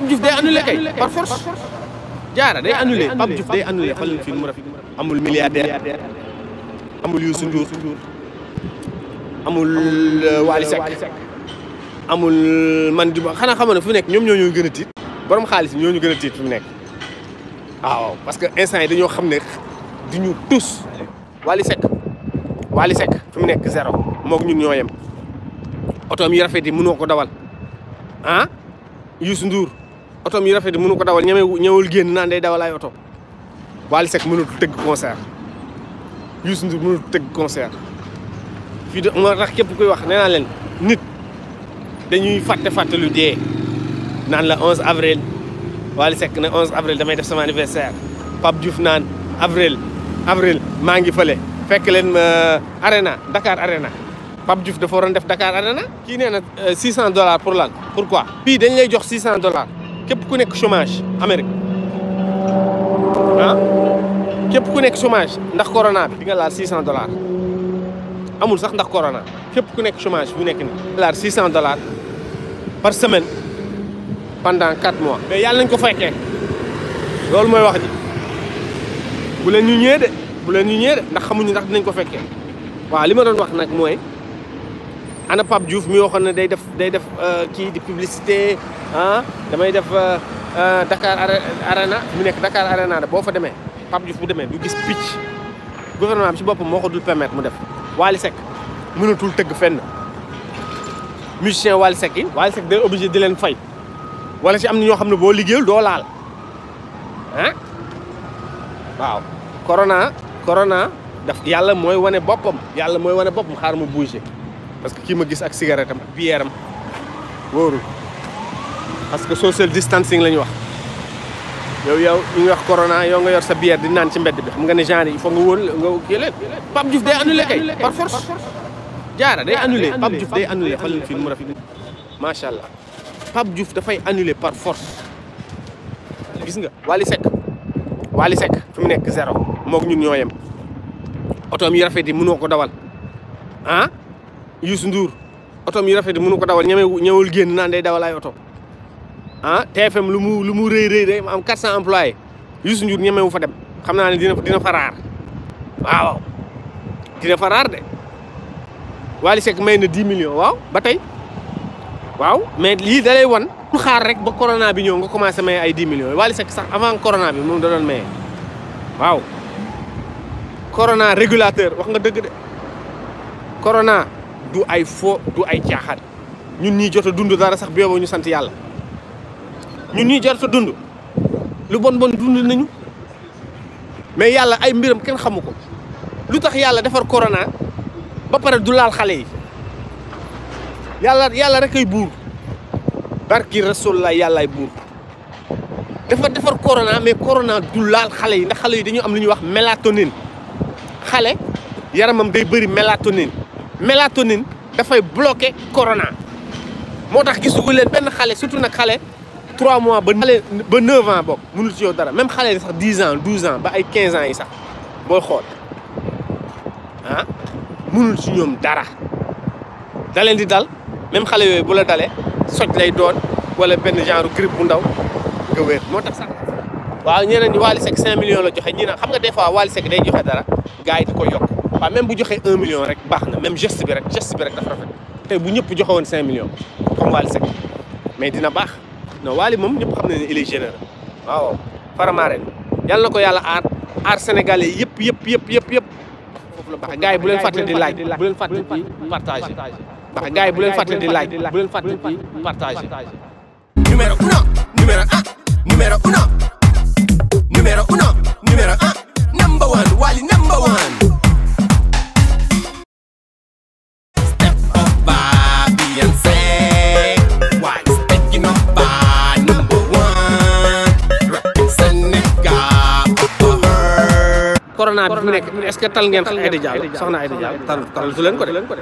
Pape Diouf day annulé kay par force jaara day annulé Pape Diouf day annulé xoolal fii mu rafet amul milliardaire amul Youssou Ndour amul euh, Wally amul man di ma xanaa xamoon ne fu nekk ñoom ñoo ñu gën a tiit borom xaalis ñoo ñu gën a tiit fu nekk waaw parce que instant yi dañoo xam ne du ñu tus Wally Seck Wally fu mu nekk zéro moog ñun ñoo yem otoom yi rafet yi mënoo ko dawal ah Youssou Ndour auto mi rafet mënu ko dawal ñeme ñëwul génn naan day dawal ay auto Wally Seck mënut tëgg concert yus ndu mënu tegg concert fi de moo tax képp kuy wax nee naa nit dañuy fàtte fàtte lu dé nan la 11 avril Wally Seck ne 11 avril damay def sama anniversaire pap Diouf nan avril avril ma ngi fële fekk leen euh, arena Dakar arena Pape Diouf dafa waroon def Dakar arena ki nee 600 euh, dollars pour lan pourquoi fii dañ lay jox 600 dollars képp ku nekk chômage Amérique ah képp ku nekk chômage ndax corona bi di nga laal 600 dollars amul sax ndax corona képp ku nekk chômage bu nekk ni laal 600 dollars par semaine pendant 4 mois. mais yàlla nañ ko fekkee loolu mooy wax ji bu leen ñu ñëwee de bu leen ñu ñëwee de ndax xamuñu ndax dinañ ko fekkee waaw li ma doon wax nag mooy. ana Pape Diouf yoo xam ne day def day def euh, kii di publicité ah, damay def euh, euh, Dakar Arena mu nekk Dakar Arena da boo fa demee Pape Diouf bu demee du gis picc gouvernement bi si boppam moo ko dul permettre mu def Wally Seck mënatul tëgg fenn musicien Wally Seck yi Wally Seck day obligé di leen fay wala si am na ñoo xam ne boo liggéeyul doo laal ah waaw corona corona daf yàlla mooy wane boppam yàlla mooy wane boppam xaar mu bougé parce que kii ma gis ak cigarette am ak bière am wóorul parce que social distancing lañ wax yow yow ñu wax corona yow nga yor sa bière di nan ci mbedd bi xam nga ne genre il faut nga wóor nga kii leen Pape Diouf day annulé kay par force jaara day annuler pap Diouf day annuler xol fi mu rafi ma sha allah pap Pape da fay annuler par force gis nga wali Seck wali Seck fi mu nekk zéro mok ñun ñoyam auto otoom yi rafet yi mënoo ko dawal han ah? Youssou Ndour otom yu rafet mënu ko dawal ñeme ñëwul génn naan day dawal ay oto ah TFM lu mu lu mu rëy rëy rëy am 400 employés Youssou Ndour ñemewu fa dem xam naa ne dina dina fa raar waaw dina fa raar de Wally Seck may na 10 millions waaw ba tey waaw mais lii da lay wan ñu xaar rek ba corona bi ñëw nga commencé may ay 10 millions Wally Seck sax avant corona bi moom da doon maye waaw corona régulateur wax nga dëgg de corona du ay fo du ay caaxaan ñun ñii jot a dund dara sax beeboo ñu sant yàlla ñu ñii jot a dund lu bon bon dund nañu mais yàlla ay mbiram kenn xamu ko lu tax yàlla defar corona ba pare du laal xale yi yàlla yàlla rek ay buur barki rasulullah yàllaay buur dafa defar corona mais corona du laal xale yi ndax xale yi dañu am lu ñuy wax mélatonine xale yaramam day bëri mélatonine mélatonine faut bloquer corona motax leen surtout nak xalé trois mois ba 9 ans bok mënul ci yow dara même xalé 10 ans 12 ans ba ay ans yi sax booy xool Hein? mënul ci ñom dara dalen di dal même xalé de bu la dalee soj lay doon wala ben genre grippe bu ndaw ga motax sax waaw ñeneen ni millions la joxe ñina xam nga des fois Wally day joxe dara gaay di ko waaw même bu joxee un million rek baax na même geste bi rek geste bi rek dafa rafet tey bu ñëpp joxe woon cinq millions comme Wally Seck mais dina baax non Wally moom ñëpp xam na ne il est généreux waaw Faramaren yàlla ko yàlla aar aar sénégalais yëpp yëpp yëpp yëpp yëpp foofu la baax gars yi bu leen di laaj bu leen fàtte di partagé baax gars yi bu leen fàtte di laaj di partagé numéro uno numéro un numéro corona bi fi mu nekk est-ce que tal ngeen Aida Diallo soxna Aida Diallo tal tal su leen ko de